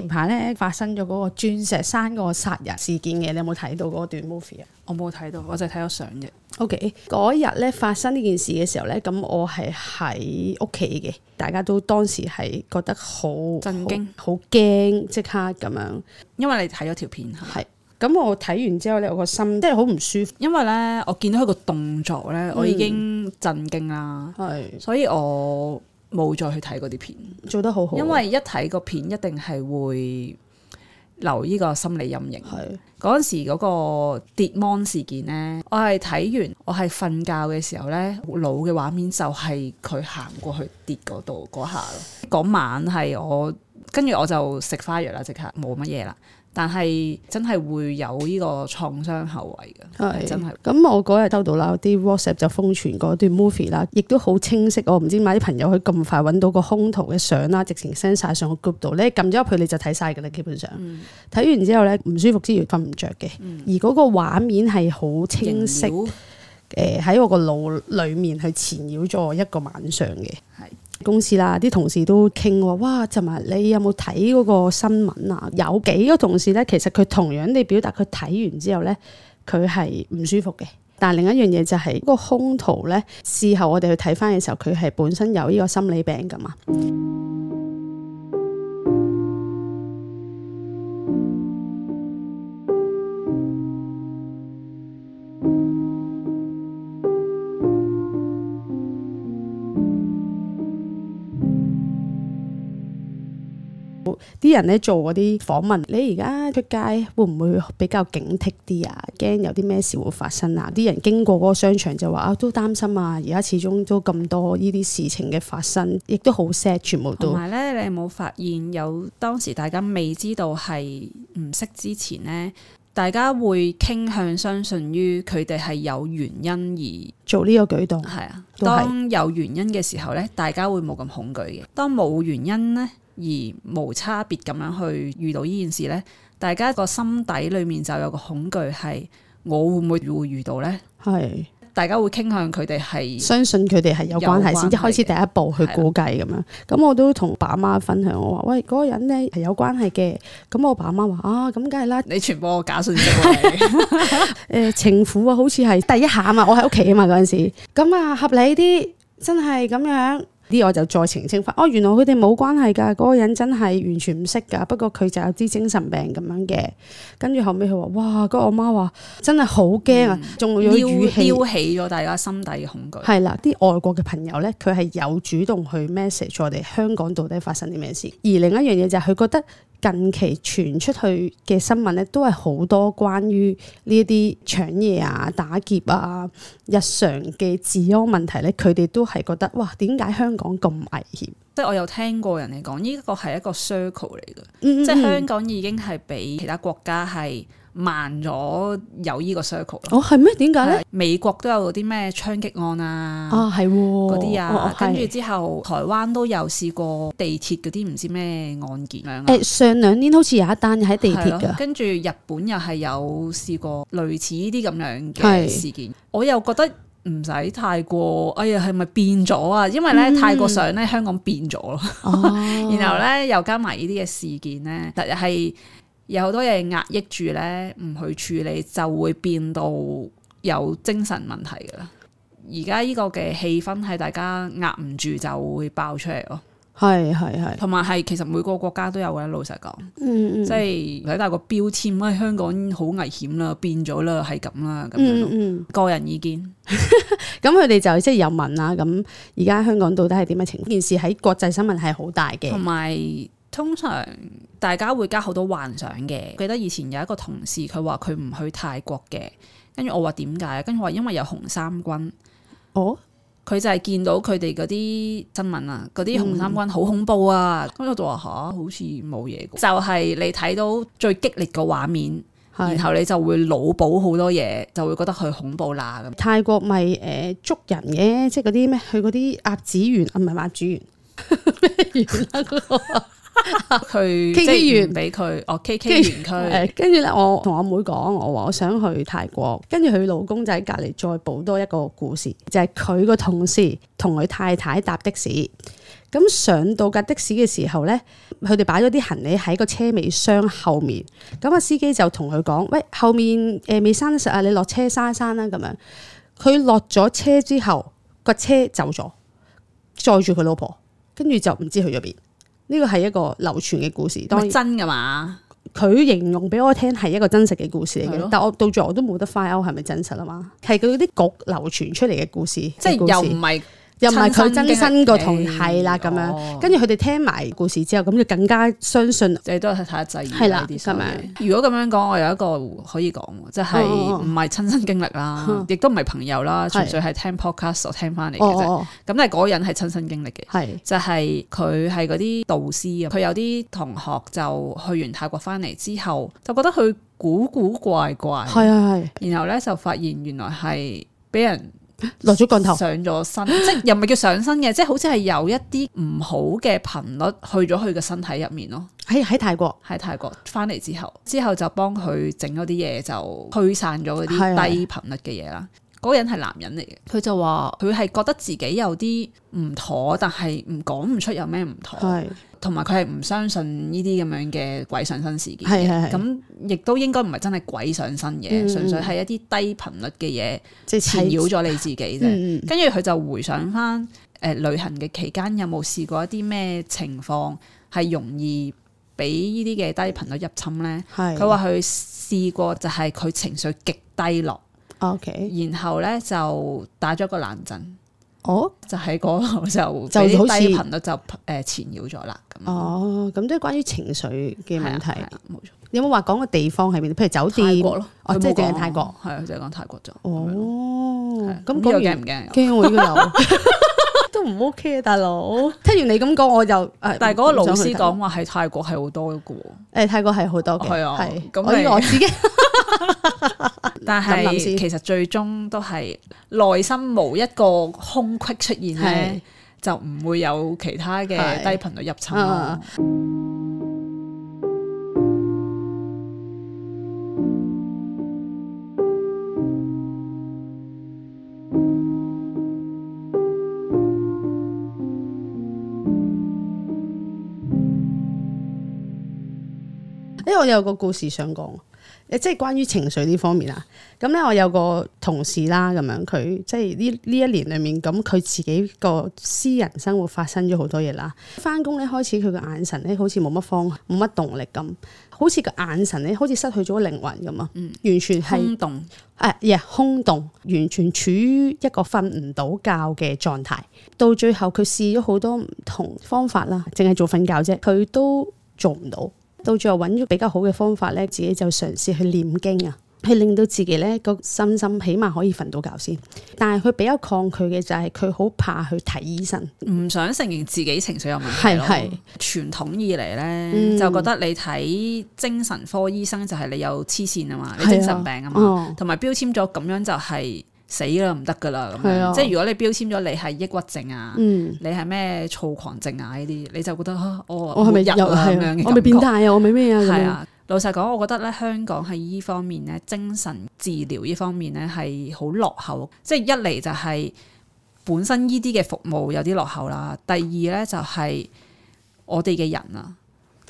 前排咧，發生咗嗰個鑽石山個殺人事件嘅，你有冇睇到嗰段 movie 啊？我冇睇到，我就睇咗相啫。OK，嗰日咧，發生呢件事嘅時候咧，咁我係喺屋企嘅，大家都當時係覺得好震驚驚、好驚，即刻咁樣。因為你睇咗條片係，咁我睇完之後咧，我個心即係好唔舒服，因為咧我見到個動作咧，我已經震驚啦，係、嗯，所以我。冇再去睇嗰啲片，做得好好。因為一睇個片一定係會留依個心理陰影。係嗰陣時嗰個跌芒事件咧，我係睇完，我係瞓覺嘅時候咧，腦嘅畫面就係佢行過去跌嗰度嗰下咯。嗰晚係我跟住我就食花藥啦，即刻冇乜嘢啦。但係真係會有呢個創傷後遺嘅，係是真係是。咁我嗰日兜到啦，啲 WhatsApp 就瘋傳嗰段 movie 啦，亦都好清晰。我唔知點解啲朋友可以咁快揾到個兇徒嘅相啦，直情 send 晒上個 group 度，你撳咗入去，你就睇晒㗎啦，基本上。睇、嗯、完之後咧，唔舒服之餘瞓唔着嘅，嗯、而嗰個畫面係好清晰，誒喺妙、呃、我個腦裏面係纏繞咗我一個晚上嘅。公司啦，啲同事都傾話，哇！尋日你有冇睇嗰個新聞啊？有幾個同事呢，其實佢同樣地表達佢睇完之後呢，佢係唔舒服嘅。但係另一樣嘢就係嗰個兇徒呢，事後我哋去睇翻嘅時候，佢係本身有呢個心理病噶嘛。啲人咧做嗰啲訪問，你而家出街會唔會比較警惕啲啊？驚有啲咩事會發生啊？啲人經過嗰個商場就話啊，都擔心啊！而家始終都咁多呢啲事情嘅發生，亦都好 sad，全部都，同埋咧，你有冇發現有當時大家未知道係唔識之前咧，大家會傾向相信於佢哋係有原因而做呢個舉動，係啊。當有原因嘅時候咧，大家會冇咁恐懼嘅。當冇原因咧。而無差別咁樣去遇到呢件事呢，大家個心底裏面就有個恐懼，係我會唔會會遇到呢？係是大家會傾向佢哋係相信佢哋係有關係先，一開始第一步去估計咁樣。咁的我都同爸媽分享，我話，喂，嗰個人呢係有關係嘅。咁我爸媽話啊，咁梗係啦，你傳播我假信息。誒、 呃，情婦啊，好似係第一下嘛，我喺屋企啊嘛嗰陣時，咁啊合理啲，真係咁樣。啲我就再澄清翻，哦，原來佢哋冇關係噶，嗰個人真係完全唔識噶，不過佢就有啲精神病咁樣嘅，跟住後尾，佢話，哇，嗰個媽話真係好驚啊，仲要、嗯、撩起咗大家心底嘅恐懼。係啦，啲外國嘅朋友咧，佢係有主動去 message 我哋香港到底發生啲咩事，而另一樣嘢就係佢覺得。近期傳出去嘅新聞咧，都係好多關於呢一啲搶嘢啊、打劫啊、日常嘅治安問題咧，佢哋都係覺得哇，點解香港咁危險？即係我有聽過人嚟講，呢個係一個 circle 嚟嘅，嗯嗯，即係香港已經係比其他國家係。慢咗有呢個 circle 哦，係咩？點解咧？美國都有啲咩槍擊案啊？啊係嗰啲啊，跟住、哦、之後台灣都有試過地鐵嗰啲唔知咩案件咁、呃、上兩年好似有一單喺地鐵，跟住日本又係有試過類似呢啲咁樣嘅事件。的我又覺得唔使太過，哎呀係咪變咗啊？因為咧太過想咧香港變咗咯， 然後咧又加埋呢啲嘅事件咧，特別係。有好多嘢壓抑住咧，唔去處理就會變到有精神問題噶啦。而家呢個嘅氣氛係大家壓唔住就會爆出嚟咯。係係係，同埋係其實每個國家都有嘅。老實講，嗯嗯，即係睇大個標籤，哎，香港好危險啦，變咗啦，係咁啦，咁樣咯。嗯嗯，個人意見。咁佢哋就即係有問啦，咁而家香港到底係點嘅情況？件事喺國際新聞係好大嘅，同埋。通常大家會加好多幻想嘅。記得以前有一個同事，佢話佢唔去泰國嘅，跟住我話點解？跟住話因為有紅衫軍。哦，佢就係見到佢哋嗰啲新聞啊，嗰啲紅衫軍好恐怖啊。咁、嗯、我就話嚇，好似冇嘢。就係你睇到最激烈嘅畫面，是然後你就會腦補好多嘢，就會覺得佢恐怖啦。咁泰國咪誒捉人嘅，即係嗰啲咩去嗰啲鴨子園啊，唔係話阿紫園咩去、 哦、K K 園俾佢，哦 K K 園區。跟住咧，我同我妹講，我話我想去泰國。跟住佢老公就喺隔籬再補多一個故事，就係佢個同事同佢太太搭的士，咁上到架的士嘅時候呢，佢哋擺咗啲行李喺個車尾箱後面，咁啊司機就同佢講，喂，後面誒未閂得實啊，你落車閂一閂啦。咁樣，佢落咗車之後，個車走咗，載住佢老婆，跟住就唔知去咗邊。呢個係一個流傳嘅故事，當真㗎嘛？佢形容俾我聽係一個真實嘅故事嚟嘅，的但我到最後我都冇得 f Out，係咪真實啊？嘛係佢啲局流傳出嚟嘅故事，即係是又唔係。又唔係佢真身個同，係啦咁樣。跟住佢哋聽埋故事之後，咁就更加相信。即係都係睇一劑。係啦，啲如果咁樣講，我有一個可以講，即係唔係親身經歷啦，亦都唔係朋友啦，純粹係聽 podcast 所聽翻嚟嘅啫。咁但係嗰人係親身經歷嘅，係就係佢係嗰啲導師咁。佢有啲同學就去完泰國翻嚟之後，就覺得佢古古怪怪。係係係。然後咧就發現原來係俾人。落咗降頭，上咗身，即又唔係叫上身嘅。 即係好似係有一啲唔好嘅頻率去咗佢嘅身體入面咯。喺喺泰國，喺泰國翻嚟之後，之後就幫佢整咗啲嘢，就驅散咗嗰啲低頻率嘅嘢啦。嗰個的人係男人嚟嘅，佢就話佢係覺得自己有啲唔妥，但係唔講唔出有咩唔妥。同埋佢係唔相信呢啲咁樣嘅鬼上身事件嘅，咁亦都應該唔係真係鬼上身嘅，嗯、純粹係一啲低頻率嘅嘢，即係纏繞咗你自己啫。跟住佢就回想翻，誒、嗯呃、旅行嘅期間有冇試過一啲咩情況係容易俾呢啲嘅低頻率入侵呢？佢話佢試過就係佢情緒極低落、啊 okay、然後呢就打咗個冷震。哦，就喺嗰度就就好似頻率就誒纏繞咗啦咁。哦，咁都係關於情緒嘅問題。冇錯。你有冇話講個地方喺邊？譬如酒店。泰國咯。哦，即係淨係泰國，係啊，即係講泰國咗。哦。咁驚唔驚？驚我依個有。都唔 OK 啊，大佬！聽完你咁講，我就但係嗰個老師講話喺泰國係好多嘅。誒，泰國係好多嘅。係啊。咁意外自己。但係其實最終都係內心冇一個空隙出現嘅，的就唔會有其他嘅低頻率入侵。誒、啊欸，我有個故事想講。誒，即係關於情緒呢方面啦，咁咧我有個同事啦，咁樣佢即係呢，呢一年裏面，咁佢自己個私人生活發生咗好多嘢啦。返工咧開始，佢個眼神咧好似冇乜方向，冇乜動力咁，好似個眼神咧好似失去咗靈魂咁啊，完全係、嗯、空洞。誒、啊，yeah, 空洞，完全處於一個瞓唔到覺嘅狀態。到最後佢試咗好多唔同方法啦，淨係做瞓覺啫，佢都做唔到。到最後揾咗比較好嘅方法咧，自己就嘗試去念經啊，去令到自己咧個身心起碼可以瞓到覺先。但係佢比較抗拒嘅就係佢好怕去睇醫生，唔想承認自己情緒有問題。係係傳統以嚟咧，嗯、就覺得你睇精神科醫生就係你有黐線啊嘛，你精神病啊嘛，同埋、啊嗯、標籤咗咁樣就係、是。死啦，唔得噶啦咁樣。啊、即係如果你標籤咗你係抑鬱症啊，嗯、你係咩躁狂症啊呢啲，嗯、你就覺得啊，我我係咪人啊咁樣，我咪變態啊，我咪咩啊？係啊，老實講，我覺得咧香港喺呢方面咧，精神治療呢方面咧係好落後，即係一嚟就係本身呢啲嘅服務有啲落後啦，第二咧就係我哋嘅人啊，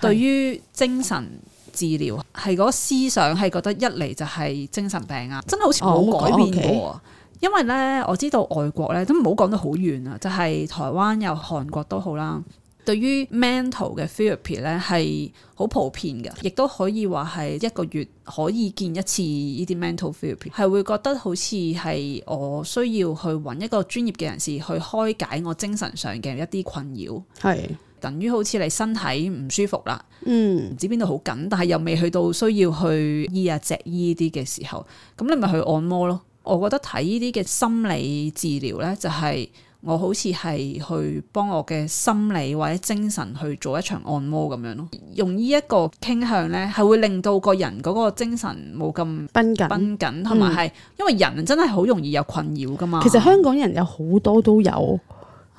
對，對於精神。治療係嗰思想係覺得一嚟就係精神病啊，真係好似冇改變過。哦 okay. 因為呢，我知道外國呢都唔好講得好遠啊，就係、是、台灣又韓國都好啦。對於 mental 嘅 therapy 呢，係好普遍嘅，亦都可以話係一個月可以見一次呢啲 mental therapy，係會覺得好似係我需要去搵一個專業嘅人士去開解我精神上嘅一啲困擾，係。等於好似你身體唔舒服啦，嗯，唔知邊度好緊，但係又未去到需要去醫啊、藉醫啲嘅時候，咁你咪去按摩咯。我覺得睇呢啲嘅心理治療咧、就是，就係我好似係去幫我嘅心理或者精神去做一場按摩咁樣咯。用呢一個傾向咧，係會令到個人嗰個精神冇咁繃緊繃緊，同埋係因為人真係好容易有困擾噶嘛。其實香港人有好多都有。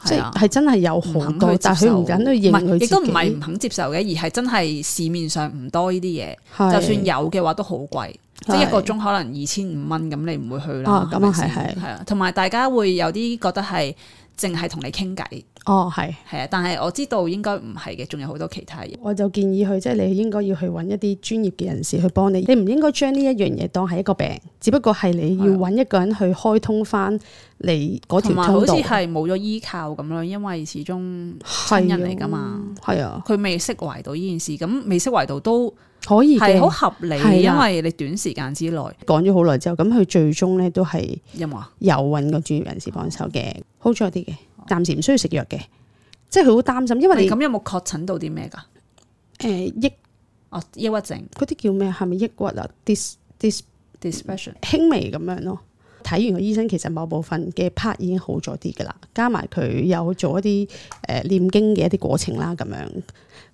即係真係有好多，但係唔緊要認佢。亦都唔係唔肯接受嘅，而係真係市面上唔多呢啲嘢。是就算有嘅話，都好貴，是即係一個鐘可能二千五蚊咁，你唔會去啦。咁啊係啊，同埋大家會有啲覺得係淨係同你傾偈。哦，係係啊，但係我知道應該唔係嘅，仲有好多其他嘢。我就建議佢，即係你應該要去揾一啲專業嘅人士去幫你。你唔應該將呢一樣嘢當係一個病，只不過係你要揾一個人去開通返你嗰條通道。好似係冇咗依靠咁咯，因為始終親人嚟㗎嘛。係啊，佢未釋懷到呢件事，咁未釋懷到都可以，係好合理。係，因為你短時間之內講咗好耐之後，咁佢最終呢都係有冇啊？有揾個專業人士幫手嘅，嗯、好彩啲嘅。暫時唔需要食藥嘅，即係佢好擔心，因為你咁有冇確診到啲咩㗎？誒、呃、抑，哦抑鬱症，嗰啲叫咩？係咪抑鬱啊？dis dis depression，輕微咁樣咯。睇完個醫生，其實某部分嘅 part 已經好咗啲㗎啦，加埋佢有做一啲誒、呃、唸經嘅一啲過程啦，咁樣。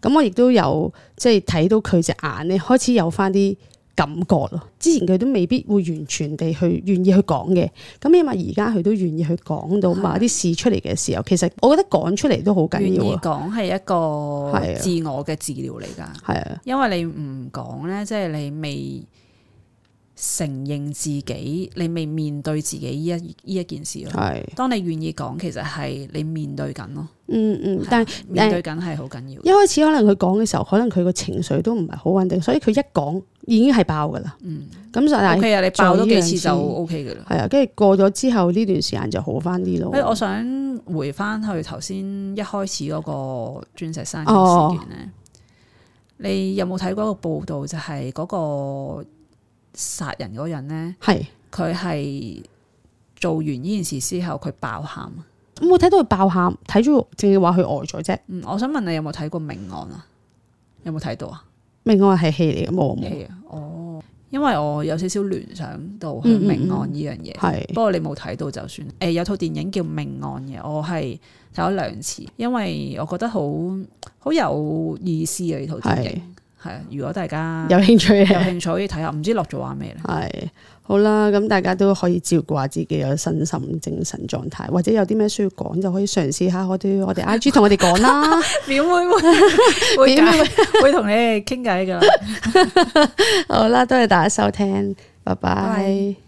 咁我亦都有即係睇到佢隻眼咧，開始有翻啲。感覺咯，之前佢都未必會完全地去願意去講嘅，咁起碼而家佢都願意去講到某啲的事出嚟嘅時候，其實我覺得講出嚟都好緊要啊！講係一個自我嘅治療嚟㗎，係啊的，因為你唔講咧，即係你未。承認自己，你未面對自己呢一呢一件事咯。係是，當你願意講，其實係你面對緊咯，嗯。嗯嗯，對但係面對緊係好緊要。一開始可能佢講嘅時候，可能佢個情緒都唔係好穩定，所以佢一講已經係爆噶啦。嗯，咁就是、啊、你爆咗幾次就 OK 噶啦。係啊，嗯，跟住過咗之後呢段時間就好翻啲咯。誒，我想回翻去頭先一開始嗰個鑽石山嘅事件咧，哦、你有冇睇過一個報道？就係嗰，那個。殺人嗰人咧，係佢係做完呢件事之後，佢爆喊，我冇睇到佢爆喊，睇咗淨係話佢呆咗啫。呃、嗯，我想問你有冇睇過命案啊？有冇睇到啊？命案係戲嚟嘅，冇冇。哦，因為我有少少聯想到去命案呢樣嘢，係、嗯嗯。不過你冇睇到就算。誒、欸，有套電影叫《命案》嘅，我係睇咗兩次，因為我覺得好好有意思啊，呢套電影。係，如果大家有興趣，有興趣可以睇下，唔 知落咗話咩咧。係好啦，咁大家都可以照顧下自己嘅身心精神狀態，或者有啲咩需要講，就可以嘗試下我哋我哋 IG 同我哋講啦，表 妹，妹會會同你傾偈噶。 好啦，多謝大家收聽，拜拜。Bye.